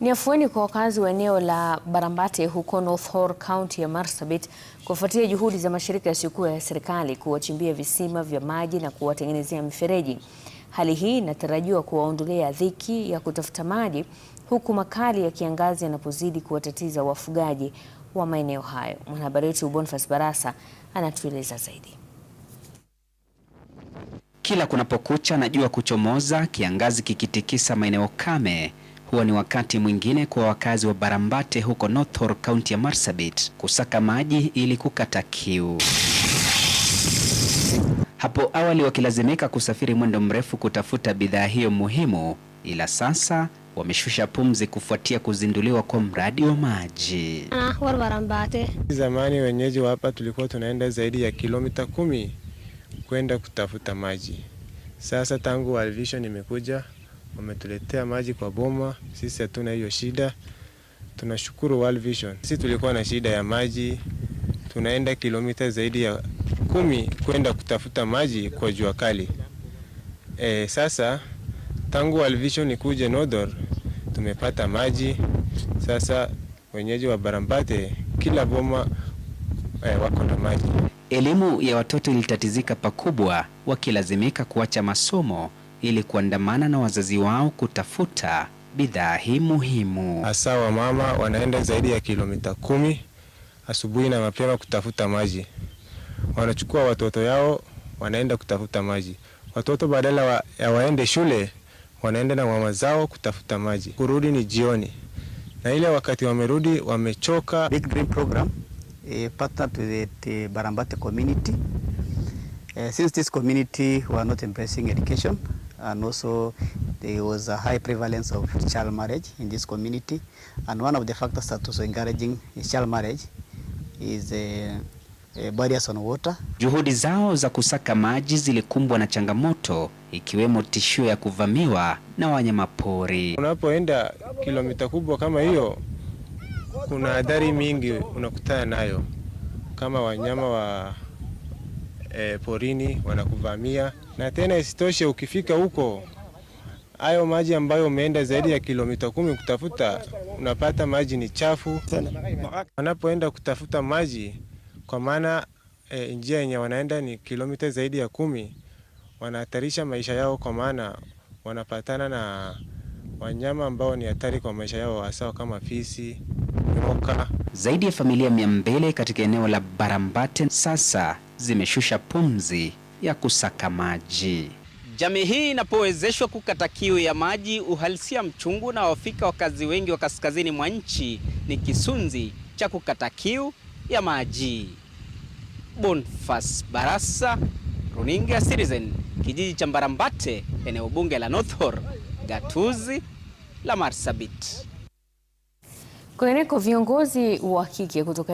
Ni afueni kwa wakazi wa eneo la Barambate huko North Horr, County ya Marsabit kufuatia juhudi za mashirika yasiyokuwa ya serikali kuwachimbia visima vya maji na kuwatengenezea mifereji. Hali hii inatarajiwa kuwaondolea dhiki ya kutafuta maji huku makali ya kiangazi yanapozidi kuwatatiza wafugaji wa maeneo hayo. Mwanahabari wetu Boniface Barasa anatueleza zaidi. Kila kunapokucha na jua kuchomoza, kiangazi kikitikisa maeneo kame huwa ni wakati mwingine kwa wakazi wa Barambate huko Northol, kaunti ya Marsabit kusaka maji ili kukata kiu. Hapo awali wakilazimika kusafiri mwendo mrefu kutafuta bidhaa hiyo muhimu, ila sasa wameshusha pumzi kufuatia kuzinduliwa kwa mradi wa maji. Ah, Zamani wenyeji wa hapa tulikuwa tunaenda zaidi ya kilomita kumi kwenda kutafuta maji. Sasa tangu Alvision imekuja wametuletea maji kwa boma, sisi hatuna hiyo shida. Tunashukuru World Vision. Sisi tulikuwa na shida ya maji, tunaenda kilomita zaidi ya kumi kwenda kutafuta maji kwa jua kali. E, sasa tangu World Vision ikuje Nodor tumepata maji sasa. Wenyeji wa Barambate kila boma e, wako na maji. Elimu ya watoto ilitatizika pakubwa, wakilazimika kuacha masomo ili kuandamana na wazazi wao kutafuta bidhaa hii muhimu. Hasa wamama wanaenda zaidi ya kilomita kumi asubuhi na mapema kutafuta maji, wanachukua watoto yao wanaenda kutafuta maji. Watoto badala wa, ya waende shule wanaenda na mama zao kutafuta maji, kurudi ni jioni, na ile wakati wamerudi wamechoka. Big Green Program uh, eh, partnered with the Barambate community uh, since this community were not embracing education and also there was a high prevalence of child marriage in this community and one of the factors that was encouraging child marriage is a, uh, uh, barriers on water. Juhudi zao za kusaka maji zilikumbwa na changamoto ikiwemo tishio ya kuvamiwa na wanyamapori. Unapoenda kilomita kubwa kama hiyo, kuna adhari mingi unakutana nayo kama wanyama wa e, porini wanakuvamia, na tena isitoshe, ukifika huko hayo maji ambayo umeenda zaidi ya kilomita kumi kutafuta, unapata maji ni chafu wanapoenda kutafuta maji, kwa maana e, njia yenye wanaenda ni kilomita zaidi ya kumi. Wanahatarisha maisha yao, kwa maana wanapatana na wanyama ambao ni hatari kwa maisha yao, hasa kama fisi, nyoka. Zaidi ya familia mia mbili katika eneo la Barambate sasa zimeshusha pumzi ya kusaka maji. Jamii hii inapowezeshwa kukata kiu ya maji, uhalisia mchungu na wafika wakazi wengi wa kaskazini mwa nchi ni kisunzi cha kukata kiu ya maji. Bonfas Barasa, Runinga Citizen, kijiji cha Mbarambate, eneo bunge la North Horr, gatuzi la Marsabit. Kwengeneko viongozi wa kike kutoka